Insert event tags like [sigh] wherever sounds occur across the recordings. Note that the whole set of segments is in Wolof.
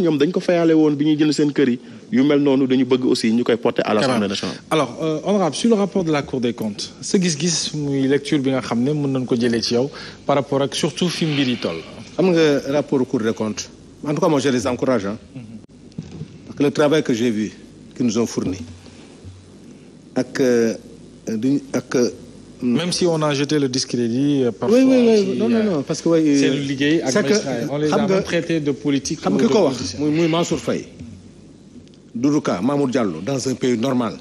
ñoom dañ ko fayale woon bi ñuy jënd seen kër yi yu mel noonu dañu bëgg aussi ñu koy porter à l'Assemblée nationale alors euh, honorable sur le rapport de la Cour des comptes sa gis-gis muy lecture bi nga xam ne mën nañ ko jëlee ci yow par rapport ak surtout fi mbir yi toll xam nga rapport Cour des comptes en parce que le travail que j'ai vu qu'ils nous ont fourni ak euh, Mm. même si on a jeté le discrédit. Euh, parfois non non non parce que. oui seen euh, liggéey ak magistrat on les a même traités de politique. xam nga ki ko wax muy muy Mansour Faye. Doudou Ka Mamour Diallo dans un pays normal.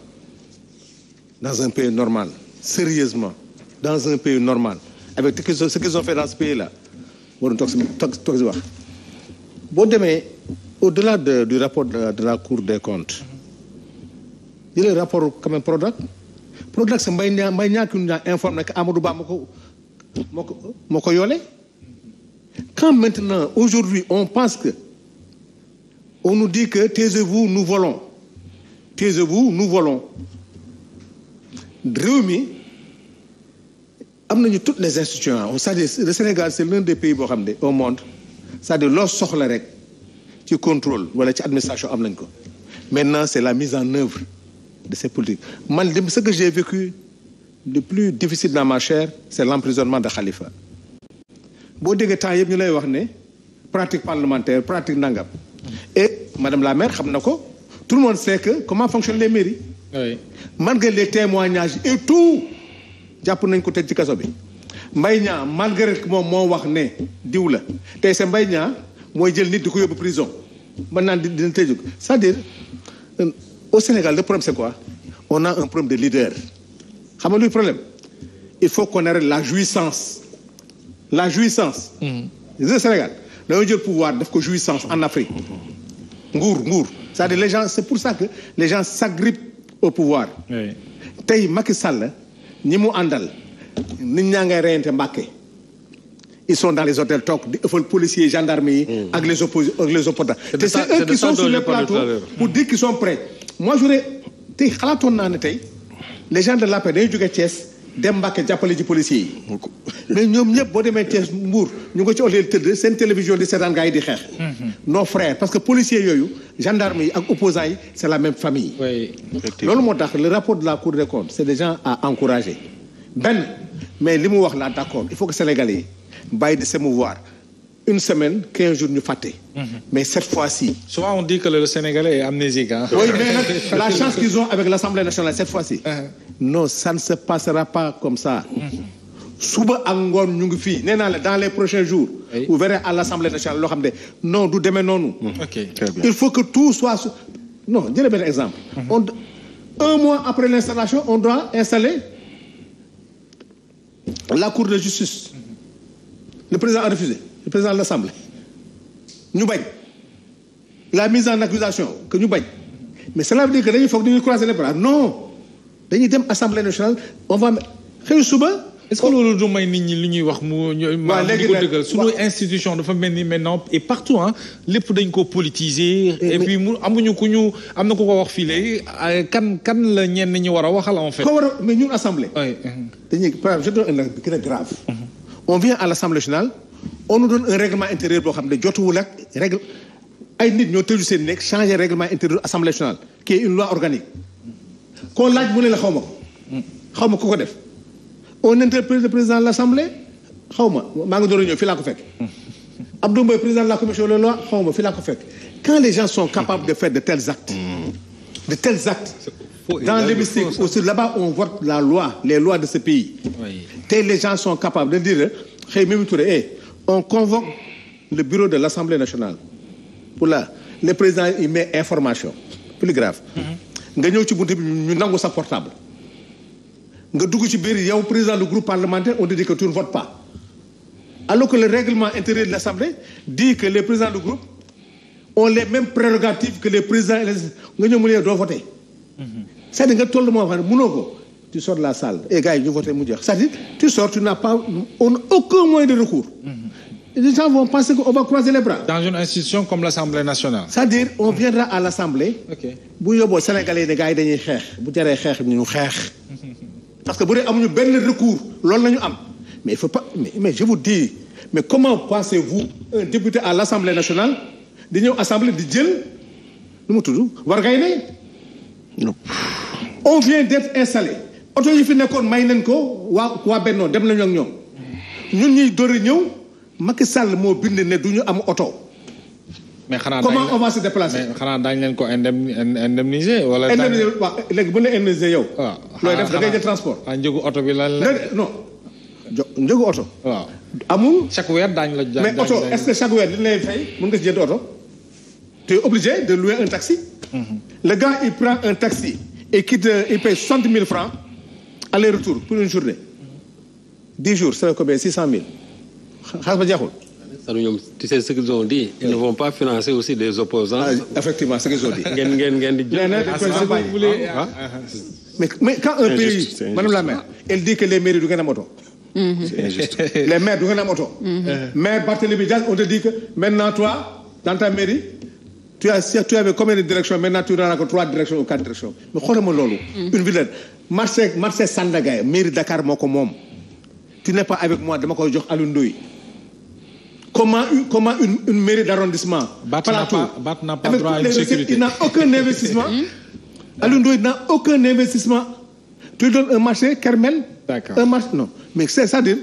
dans un pays normal dans normal la Cour des comptes il y a le rapport quand même Prodac Prodac mbay ñaa mbay ñaaki ñu ñaa informé que Amadou Ba moo ko moo ko moo ko yoole quand maintenant aujourd'hui on pense que on nous dit que taisez-vous nous volons taisez-vous nous volons réew mi am nañu toutes les institutions c'est-à-dire le Sénégal c'est l'un des pays boo xam ne au monde cest à loo soxla rek ci control wala ci administration am nañ ko maintenant c'est la mise en œuvre de ces politiques man ce que j'ai vécu le plus difficile dans ma chair c'est l'emprisonnement de Khalifa boo déggee temps yëpp ñu lay wax ne pratique parlementaire pratique nangam et madame la maire xam na ko tout le monde sait que comment fonctionnent les mairies oui. malgré les témoignages et tout jàpp nañ ko tëj ci kaso bi Mbaye Niang malgré moom moo wax ne diw la tey sa Mbaye Niang mooy jël nit di ko yóbbu prison mën naan dina tëju c'est-à-dire euh, au Sénégal le problème c'est quoi on a un problème de leader xam nga luy problème il faut qu'on arrête la jouissance la jouissance mm-hmm. le Sénégal dañoo jël pouvoir def ko jouissance en Afrique nguur nguur c'est-à-dire les gens c'est pour ça que les gens s'agrippent au pouvoir tey Macky Sall ñi mu àndal nit ñaa ngay reyante Mbàkke ils sont dans les hôtels toog di ëffal policiers gendarmes yi. Mm. ak les opposés ak les opposants. te c'est eux qui sont sur les plateaux pour moi j'aurais tey xalaatoon naa ne tey les gens de l'APR dañuy jóge cees dem Mbàkke jàppale ci policiers yi. [laughs] mais ñoom ñëpp boo demee Thiès Mbour ñu nga ci hôtel tëdd seen télévision di seetaan gars yi di xeex. Mhm. nos frères parce que policiers yooyu gendarmes yi ak opposants yi c'est la même famille. oui loolu moo tax le rapport de la Cour des comptes c'est des gens à encourager. benn mais li mu wax la d'accord il faut que sénégalais yi bàyyi de se mouvoir. une semaine quinze jours ñu fàtte. Mhm. mais cette fois-ci. souvent on dit que le Sénégalais est amnésique hein. oui [laughs] la chance qu'ils ont avec l'Assemblée nationale cette fois-ci. Uh-huh. non ça ne se passera pas comme ça. Mhm. suba ak ngoon ñu ngi fii nee naa la dans les prochains jours. vous verrez à l'Assemblée nationale loo xam ne non du demee noonu. ok très il faut que tout soit su non jëlee benn exemple. Mhm. on un mois après l'installation on doit installer la cour de justice. le président a refusé. le président de l'Assemblée ñu bañ la mise en accusation que ñu bañ mais cela veut dire que dañuy foog dañuy croiser les bras non dañuy dem assemblée nationale on va xëy suba. est-ce que loolu du may nit ñi li ñuy wax mu. waaw léegi ko dëggal suñu institution dafa mel ni maintenant et partout ah lépp dañ ko politiser. et puis mu amuñu ku ñu am na ku ko wax fii léegi kan kan la ñenn ñi war a waxal en fait. ko war a mais ñun assemblée. oui. dañuy par un exemple bi gën a grave. Mhm. on on nous donne un règlement intérieur boo xam ne jotuwu ak règle ay nit ñoo tëju seen nekk changer règlement intérieur assemblée nationale qui est une loi organique koo laaj mu ne la xaw ma ko xaw ma ku ko def on interpelle le président de l'assemblée xaw ma maa ngi doon ñëw fii laa ko fekk Abdou Mboye président la commission des lois xaw ma fii laa ko fekk quand les gens sont capables de faire de tels actes dans l'hémicycle aussi là ba on vote la loi les lois de ce pays te les gens sont capables de dire eh, xëy Mimi Touré eh, on convoque le bureau de l'Assemblée nationale pour la le président il met information plus nga ñëw ci buntu ñu nangu sa portable nga dugg ci biir yow président du groupe parlementaire on te dit que tu ne votes pas alors que le règlement intérieur de l'Assemblée dit que les présidents du groupe ont les mêmes prérogatives que les présidents et nga ñëw mu ne doo voter mm-hmm. cest à nga toll moo xam ne ko tu sors la salle et gars mu jeex c'est-à-dire tu sors tu n'as on mm-hmm. comme l'Assemblée nationale. c'est-à-dire on viendra à l'Assemblée. ok bu yóbboo Sénégalais yi gars dañuy xeex bu jaree xeex ñu xeex. [laughs] parce que bu dee amuñu benn recours loolu lañu am mais il faut mais, mais je vous dis mais comment pensez-vous un député à l'Assemblée nationale di ñëw assemblée di jël nu mu tudd war ngay ne. on vient d'être installé. oto yi fi nekkoon may nañ ko waa Bennoo dem nañu ak ñoom ñun ñuy dóori ñëw Macky Sall moo bind ne du ñu am oto. mais xanaa comment on va se xanaa daañu leen ko indemniser wala. indemniser waaw léegi bu ñu la yow. waaw ah, looy def da jël transport. ah njëgu oto bi lan la. non njëgu oto. waaw amul. chaque weer daañu la daañu mais oto est-ce que chaque weer li lay fay mën nga si jënd oto. tu es obligé de louer un taxi. Mm-hmm. le gars il prend un taxi. et quitte il paie soixante mille francs. aller retour pour une journée dix jours c'est combien six cent mille xaalis ba jeexul. ñoom tu sais ce qu'ils ont pas financer aussi des opposants. Ah, effectivement ce qu'ils ont dit. ngeen ngeen ngeen di. Ah, ah, ah, mais quand un pays. madame la maire elle dit que les mairies du ngeen am oto. Mm-hmm. c'est injuste. les maires du mm-hmm. mais Barthélémy Diaz on te dit que maintenant toi dans ta mairie. tu as si tu avais combien de directions maintenant tu n'en as que trois directions ou quatre directions mais xoolal ma loolu. Mm. une ville marché marché mairie Dakar moo ko moom. tu n'es pas avec moi dama koy jox Alioune Ndoye comment une comment une une mairie d'arrondissement. Plateau Batt n'a pas droit à une sécurité il n'a aucun [laughs] investissement. Mm. Alioune n'a aucun investissement. tu donnes un marché Kermel. d'accord un marché non mais c'est c'est-à-dire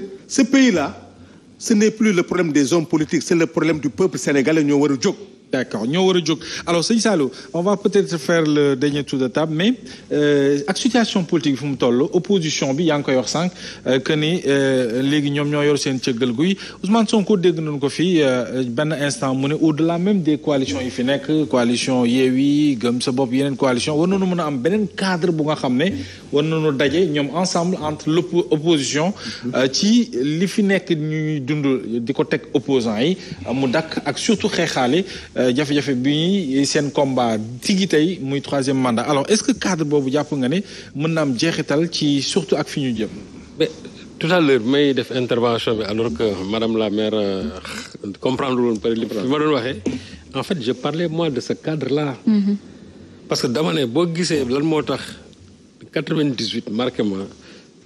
pays là ce n'est plus le problème des hommes politiques c'est le problème ñoo war a jóg. d'accord ñoo war a jóg alors sëñ Sallou on va peut-être faire le dernier tour de table mais euh, ak situation politique bi fu mu toll opposition bi yaa ngi koy wax sànq euh, que ni euh, léegi ñoom ñoo yor seen cëggal guy Ousmane Sonko dégg noonu ko fii benn instant mu ne au la même des coalitions yi fi nekk coalition Yewwi Gëm sa bopp yeneen coalition war nañu mën a am beneen cadre bu nga xam ne war nañu daje ñoom ensemble entre l'opposition ci li fi nekk ñuy dund di ko teg opposants yi mu dakk ak surtout xeexaale Euh, jafe-jafe bi seen combat tigi tey muy troisième mandat alors est-ce que cadre boobu jàpp nga ne mën na am jeexital ci surtout ak fi ñu jëm. tout à l'heure may def intervention bi alors que madame la maire euh, comprendre woon par li ma doon waxee en fait je parlais moi de ce cadre là. Mm-hmm. parce que dama ne boo gisee lan moo tax 98 marqué ma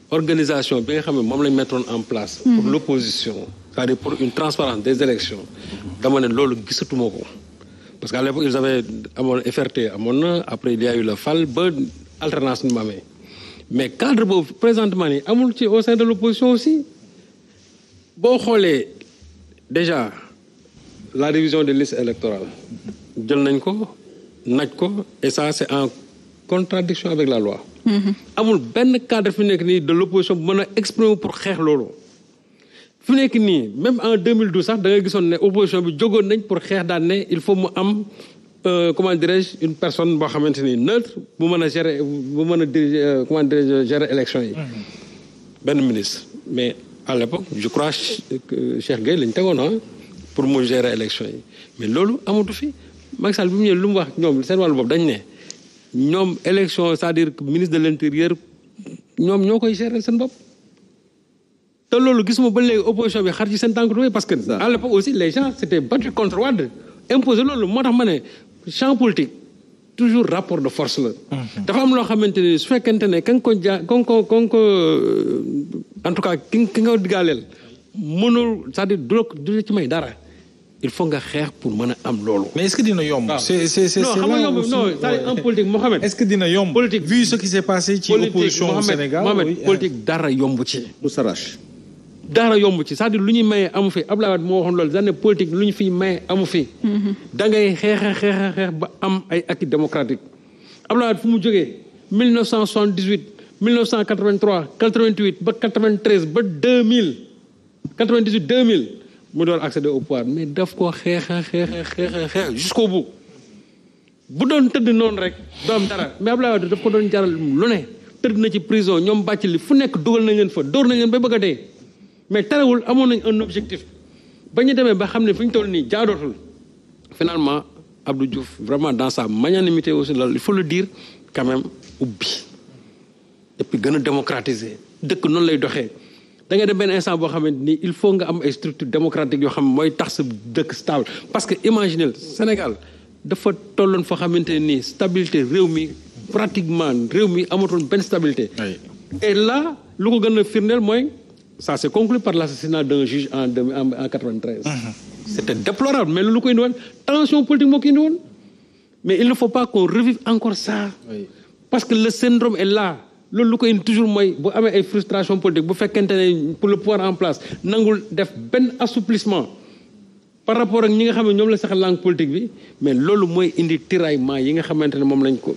organisation bi nga xam ne moom lañ mettoon en place. Mm-hmm. pour l'opposition cest pour une transparence des élections dama loolu gisatuma ko. parce que à l'époque ils avaient amoon FRT amoon na après il y FAL ba alternance nu mais cadre boobu présentement ni amul ci au sein de l'opposition aussi boo xoolee déjà la révision de listes électorales jël nañ ko naj ko et ça c'est en contradiction avec la loi mm-hmm. amul benn cadre fi nekk nii de l'opposition mën a exprimer pour xeex loolu fu nekk nii même en 2012 sax da gisoon ne opposition bi jógoon nañ pour xeex daan ne il faut mu am euh, comment dirais-je une personne boo xamante ni neutre bu mën a gérer bu mën a diriger euh, comment dirais-je élection yi. Mmh. benn ministre mais à l'époque je crois Cheikh Gueye lañ tegoon ah pour mu gérer élection yi mais loolu amatu fi Macky Sall bi mu ñëwee lu mu wax ñoom seen wàllu bopp dañ ne ñoom élection c'est-à-dire ministre de l'intérieur ñoom ñoo koy gérer seen bopp. te loolu gisuma ba léegi opposition bi xar ci seen tànk parce que à l'époque aussi les gens s'étaient battus contre Wade imposé loolu moo tax ma ne champ politique toujours rapport de force la mhm. dafa am loo xamante ne su fekkente ne ka nga ko jaa ka ko euh, en tout cas ki ki nga ko digaaleel mënul cest à du du ci may dara il faut nga xeex pour mën a am loolu. mais est-ce que dina yomb. c'est c'est c'est non xam nga yomb non c'est est-ce que dina yomb politique vu ce qui s'est passé. ci opposition daara yomb ci cest à lu ñuy maye amu fi Abdoulaye Wade moo waxoon loolu daanaka politique lu ñu fiy maye amu fi. Mm-hmm. da ngay xeexa xeexa xeex ba am ay acquis démocratique Abdoulaye Wade fu mu jógee 1978 1983 88 ba 93 ba 2000 98 2000 mu doon accéder au pouvoir mais daf ko xeexa xeexa xeexa xeex jusqu'au bout bu doon tëdd noonu rek doom dara mais Abdoulaye Wade daf ko doon jaral lu ne tëdd na ci prison ñoom bàcc li fu nekk dugal nañ leen fa dóor nañ leen ba bëgg a dee. mais terewul amoon nañ un objectif ba ñu demee ba xam ne fi toll nii jaadootul finalement Abdou Diouf vraiment dans sa magnanimité aussi la il faut le dire quand même ubbi et gën a démocratiser dëkk noonu lay doxee da ngay dem benn instant boo xamante ni il faut nga am ay structure démocratique yoo xam mooy tax sa dëkk stable parce que imaginez Sénégal dafa tolloon foo xamante nii stabilité réew mi pratiquement réew mi amatoon benn stabilité et là gën a mooy ça s'est conclu par l'assassinat d'un juge en en 93. Mm-hmm. c'était déplorable mais loolu ko indi woon tension politique moo ko indi woon mais il ne faut pas qu'on revive encore ça. parce que le syndrome est là loolu lu ko indi toujours mooy bu amee ay frustration politique bu fekkente ne pour le pouvoir en place nangul def benn assouplissement par rapport ak ñi nga xam ne ñoom la sax langue politique bi mais loolu mooy indi tiraillement yi nga xamante ne moom lañ ko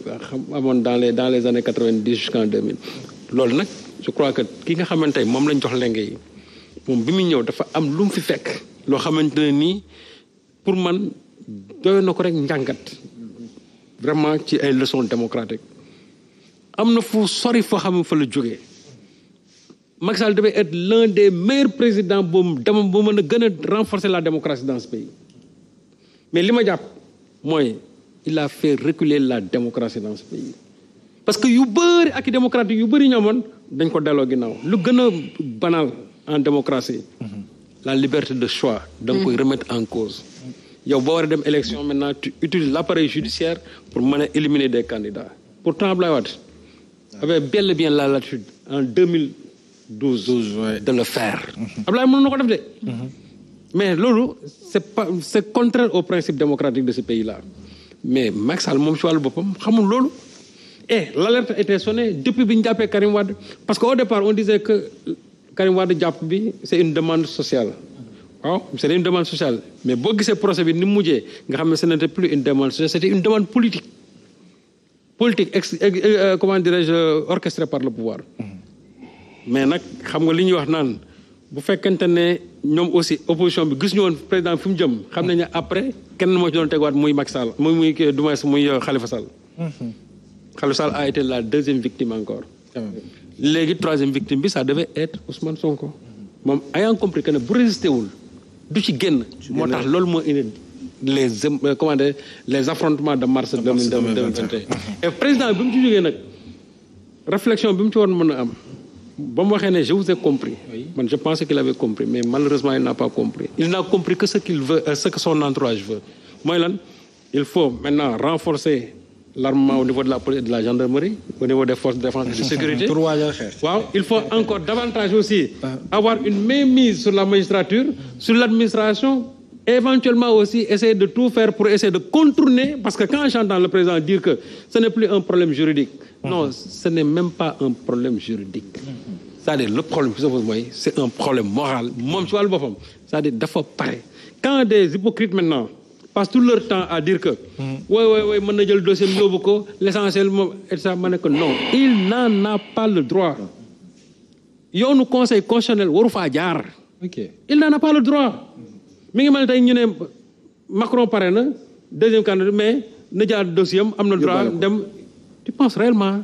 amoon dans les dans les années quatre-vingt-dix jusqu'en deux loolu nag. je crois que ki nga xamante ni moom lañ jox lenge yi moom bi muy ñëw dafa am lu mu fi fekk loo xamante ne nii pour man doy na ko rek njàngat vraiment ci ay leçons démocratiques am na fu sori foo xam fa la jóge Macky Sall devait être l'un des meilleurs présidents boobu dama bu mën a gën a renforcer la démocratie dans ce mais li ma jàpp mooy il a fait reculer la démocratie dans pays parce que yu bëri acquis démocratique yu bëri ñu amoon dañ ko delloo ginnaaw lu gën a banal en démocratie la liberté de choix da nga koy mm. remettre en cause yow boo war a dem élection maintenant tu utilises l' appareil judiciaire pour mën a éliminer des candidats pourtant Abdoulaye Wade avait bel bien la latitude en 2012 de le faire mm-hmm. Abdoulaye mënoon na ko def de mm-hmm. mais loolu c' est pas c' est contraire au principe démocratique de ce pays là mais Macky moom ci wàllu boppam xamul loolu Et eh, l'alerte était sonnée depuis bi ñu jàppee Karim Wade parce qu'au départ on disait que Karim Wade jàpp bi c'est une demande sociale waaw c'est une demande sociale mais boo gisee procès bi ni mu mujjee nga xam ne ce n'était plus une demande sociale c'était une demande politique politique ex euh, euh, comment dirais par le pouvoir mm-hmm. mais nag xam nga li ñuy wax naan bu fekkente ne ñoom aussi opposition bi gis ñu woon président fi mu jëm xam nañ ne après kenn moo ci doon tegaat muy Macky Sall muy muy du moins muy euh, Khalifa Sall mm-hmm. Khalifa Sall a été la deuxième victime encore. léegi troisième victime bi ça devait être Ousmane Sonko. moom ayant compris que bu résisté wul du ci génn. moo tax loolu moo indi les euh, comment dire les affrontements de mars deux mille vingt [laughs] président bi mu ci jógee nag réflexion bi mu ci waroon mën a am. ba mu waxee ne je vous ai compris man je pensais qu'il avait compris mais malheureusement il n'a pas compris il n'a compris que ce qu'il veut euh, ce que son entourage veut mooy lan il faut l'armement au niveau de la police et de la gendarmerie, au niveau des forces de défense et de [laughs] sécurité. waaw il faut encore davantage aussi ah. avoir une mainmise sur la magistrature, sur l'administration, éventuellement aussi essayer de tout faire pour essayer de contourner, parce que quand j'entends le président dire que ce n'est plus un problème juridique, mm-hmm. non, ce n'est même pas un problème juridique. Mm-hmm. c'est-à-dire le problème qui se boppam c'est-à-dire dafa quand des hypocrites maintenant passent tout leur temps à dire que. oui oui oui mën na jël dossier mu yóbbu ko l' essentiel moom et ça ma ne que non il n'en a pas le droit yoonu conseil constitutionnel waru faa jaar. ok il n'en a pas le droit. mi ngi mel tey ñu ne Macron pare na deuxième candidat mais na jaar am na droit dem tu penses réellement.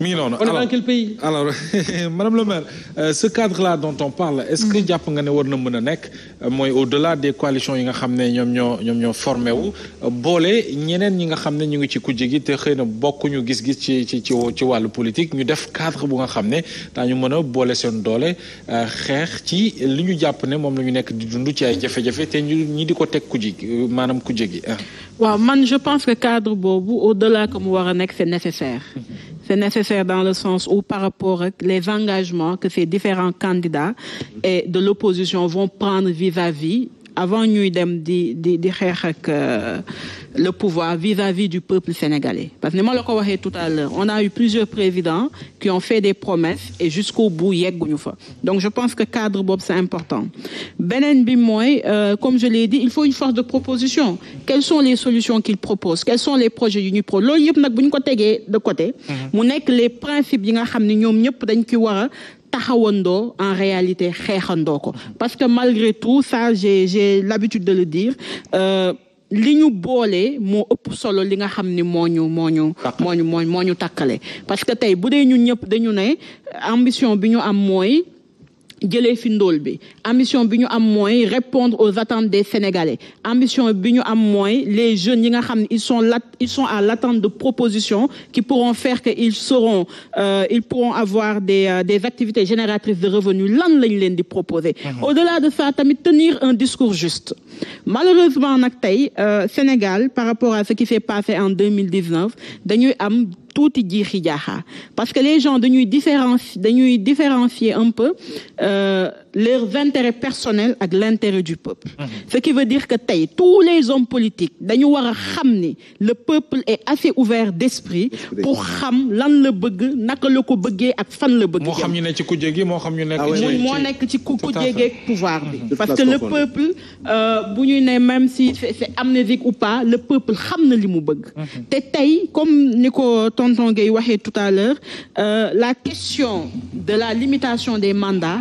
mi ngi noonu on est dans quel pays alors [laughs] madame le maire euh, ce cadre là dont on parle est-ce que jàpp nga ne war na mën a nekk euh, mooy au-delà des coalitions yi nga xam ne ñoom ñoo ñoom ñoo formé wu euh, boole ñeneen ñi nga xam ne ñu ngi ci kujje gi te xëy na bokkuñu gis-gis ci ci ci ci wàllu politique ñu def cadre bu nga xam ne daañu mën a boole seen doole euh, xeex ci li ñu jàpp ne moom la ñu nekk di dund ci ay jafe-jafe te ñu ñi di ko teg kujje gi maanaam kujje gi waaw man je pense que cadre boobu au-delà que mu war a nekk c'est nécessaire mm-hmm. C'est nécessaire dans le sens où par rapport à les engagements que ces différents candidats et de l'opposition vont prendre vis-à-vis avant ñuy dem di di di xeex ak euh, le pouvoir vis-à-vis du peuple sénégalais parce que ni ma la ko waxee tout à l'heure on a eu plusieurs présidents qui ont fait des promesses et jusqu'au bout yegguñu fa donc je pense que cadre boobu c'est important beneen bi mooy euh, comme je l'ai dit il faut une force de proposition quelles sont les solutions qu'ils proposent quels sont les projets yu ñuy pro loolu yëpp nag bu ñu ko tegee de côté mhm. mu nekk les principes yi nga xam ne ñoom ñëpp dañ ci war a taxawandoo en réalité xeexandoo ko parce que malgré tout ça j'ai j'ai l'habitude de le dire euh, li ñu boole moo ëpp solo li nga xam ni moo ñu moo ñu moo ñu moo ñu takkale parce que tey bu dee ñu ñëpp dañu ne ambition bi ñu am mooy jëlee fi ndóol bi ambition bi ñu am mooy répondre aux attentes des Sénégalais ambition bi ñu am mooy les jeunes yi nga xam ne ils sont là ils sont à l'attente de propositions qui pourront faire que ils seront euh, ils pourront avoir des euh, des activités génératrices de revenus lan lañ leen di proposer mhm. au-delà de ça tamit tenir un discours juste malheureusement nag tey euh, Sénégal par rapport à ce qui s'est passé en 2019 dañuy am tuuti jiixi jaaxaa parce que les gens dañuy différenci dañuy différencier un peu euh, leurs intérêts personnels ak l'intérêt du peuple mhm. ce qui veut dire que tey tous les hommes politiques dañu war a xam ni le peuple est assez ouvert d'esprit pour xam lan la bëgg naka la ko bëggee ak fan la bëgg moo xam ñu ne ci kou gi moo xam ñu nekk ah ci moo nekk ci ku kujje gi ak pouvoir bi parce que le peuple euh, bu ñuy ne même si c'est amnésique ou pas le peuple xam na li mu bëgg mhm. te tey comme ni ko tonton Gueye waxee tout à l'heure euh, la question de la limitation des mandats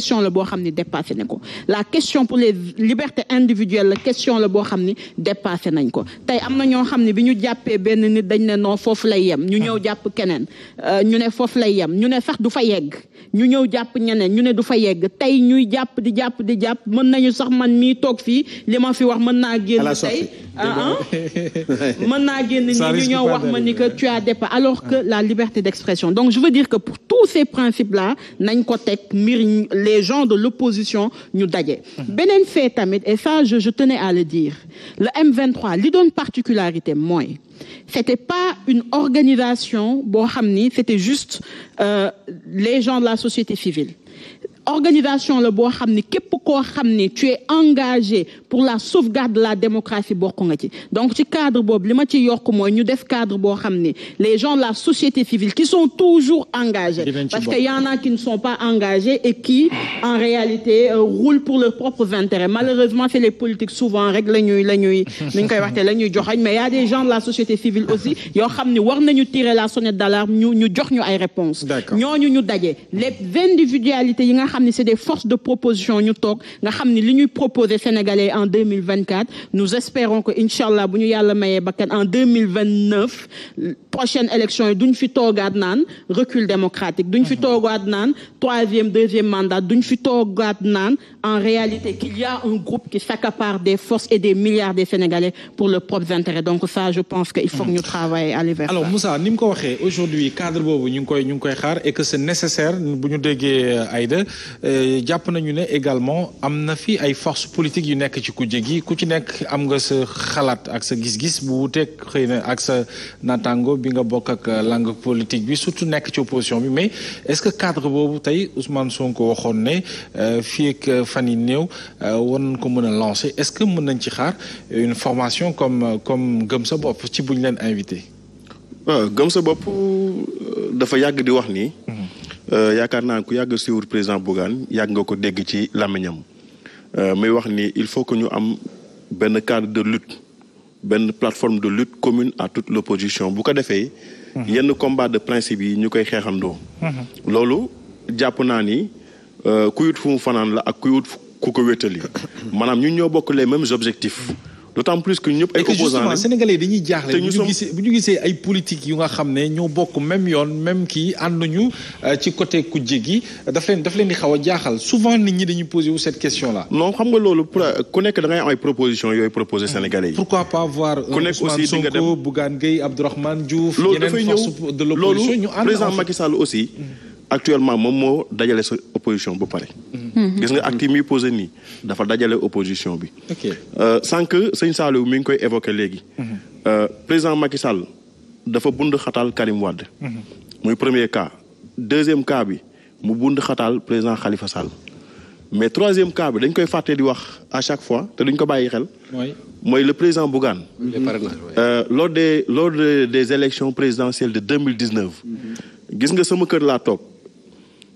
question la boo xam ni dépassé na ko la question pour les libertés individuelles la question la boo xam ni dépassé nañ ko tey am na ñoo xam ne bi ñu jàppee benn nit dañ ne non foofu lay yem ñu ñëw jàpp keneen euh, ñu ne foofu lay yem ñu ne sax du fa yegg ñu ñëw jàpp ñeneen ñu ne du fa yegg tey ñuy jàpp di jàpp di jàpp mën nañu sax man mii toog fii li ma fi wax mën naa génn tey ah, ah. [laughs] mën naa génn ni ah. la liberté d'expression les gens de l'opposition ñu daje. Mhm. beneen fait tamit et ça je je à le dire le M23 li doon particularité mooy c'était pas une organisation boo xam ni c'était juste euh, les gens la société civile. organisation la boo xam ne képp koo xam ne tu es engagé pour la sauvegarde de la démocratie bokk nga ci donc ci cadre boobu li ma ci yokk mooy ñu def cadre boo xam ne les gens de la société civile qui sont toujours engagés parce que y en a qui ne sont pas engagés et qui en réalité euh, roulent pour leurs propres intérêts malheureusement c'est les politiques souvent rek la ñuy la ñuy nuñ koy waxte la ñuy joxañ mais y a des gens la société civile aussi yoo xam ne war nañu tirer la sonnette d'alarme ñu ñu jox ñu ay réponses ñooñu ñu daje les individualités xam ne des forces de proposition ñu toog nga xam ne li ñuy proposer sénégalais en 2024 nous espérons que incha allah bu ñu yàlla mayee bakkan en 2029 prochaine élection yi duñ fi toogaat naan recul démocratique duñ fi toogaat naan troisième deuxième mandat duñ fi toogaat naan en réalité qu'il y a un groupe qui s'accapare des forces et des milliards des sénégalais pour le propres intérêts donc ça je pense que il faut que ñu travailler aller vers alors Moussa ni mu ko waxee aujourd'hui cadre boobu ñu ngi koy ñu ngi koy xaar et que c'est bu ñu déggee Aïda Euh, jàpp nañu ne également am na fi ay forces politiques yu nekk ci kujje gi ku ci nekk am nga sa xalaat ak sa gis-gis bu wuteeg xëy na ak sa naataango bi nga bokk ak euh, langue politique bi surtout nekk ci opposition bi mais est-ce que cadre boobu tey Ousmane Sonko waxoon ne euh, fii ak fan yi néew wan nañ ko mën a lancer est-ce que mën nañ ci xaar une formation comme comme gëm sa bopp ci buñ leen invité. gëm sa bopp dafa yàgg di wax nii. Euh, yaakaar naa ku yàgg suivre président Bougane yàgg nga ko dégg ci làmmiñam euh, muy wax ni il faut que ñu am benn cadre de lutte benn plateforme de lutte commune à toute l'opposition bu ko defee. Mhm. yenn combat de principe yi ñu koy xeexandoo. Mhm. loolu jàpp naa ni euh, kuy wut fu mu fanaan la ak kuy wut ku ko wétali. [coughs] maanaam ñu ñoo bokk les mêmes objectifs. d'autant plus que ñëpp ay opposants lañ sénégalais dañuy jaaxle bu ñu gisee ay politique yu nga xam ne ñoo bokk même yoon même kii ànduñu euh, ci côté kujje gi daf leen daf leen di xaw a jaaxal souvent nit ñi dañuy posé cette question là. non xam nga loolu pour euh, ku nekk da am ay propositions yooyu proposé mm. sénégalais yi. pourquoi pas voir. Euh, ku nekk aussi Sonko Bougane Gueye Abdourahmane Diouf. yeneen forces de l'opposition ñu ànd. président Macky Sall aussi. Mm. actuellement moom moo dajale sa opposition ba pare. Mhm. gis nga acte yi muy posé nii dafa dajale opposition bi. Euh, sans que sëñ Saliou mi ngi koy évoqué léegi. Mhm. Euh, président Macky Sall dafa bund xataal Karim Wade. Mhm. muy premier cas deuxième cas bi mu bund xataal président Khalifa Sall. mais troisième cas bi dañ koy fàtte di wax à chaque fois te duñ ko bàyyi xel. mooy le président Bougane. Euh, lors des lors des élections présidentielles de deux mille dix neuf. gis nga sama kër laa toog.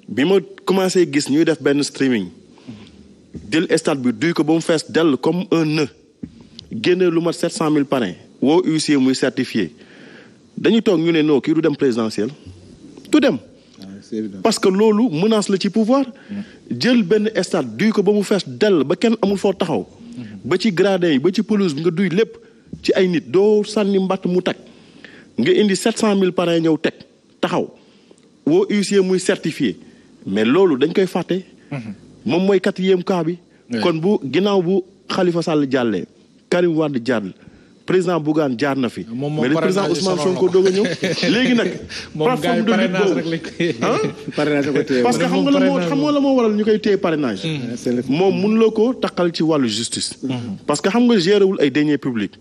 bi ma commencé gis ñuy def benn streaming jël stade bi duy ko ba mu fees dell comme un nœud génne lu mat 700 000 parrains woo huissier muy certifié dañu toog ñu ne noo kii du dem présidentiel du dem. parce que loolu menace la ci pouvoir jël benn stade duy ko ba mu fees dell ba kenn amul foo taxaw. ba ci gradin yi ba ci pelouse bi nga duy lépp ci ay nit doo sànni mbatt mu tag nga indi 700 000 parrains ñëw teg taxaw woo huissier muy certifié. mais loolu dañ koy fàtte. Mhm. moom mooy quatrième cas bi. kon bu ginnaaw bu xalifa Sall jàllee Karim Wade jàll président Bougane jaar na fi. mais le président Ousmane Sonko doog a ñëw. [laughs] léegi nag. plateforme de lutte [laughs] parce que xam nga la moo xam nga la moo waral ñu koy téye parrainage. Mhm. moom mënuloo ko taqal ci wàllu justice. Mhm. parce que xam nga géré wul ay deniers publics.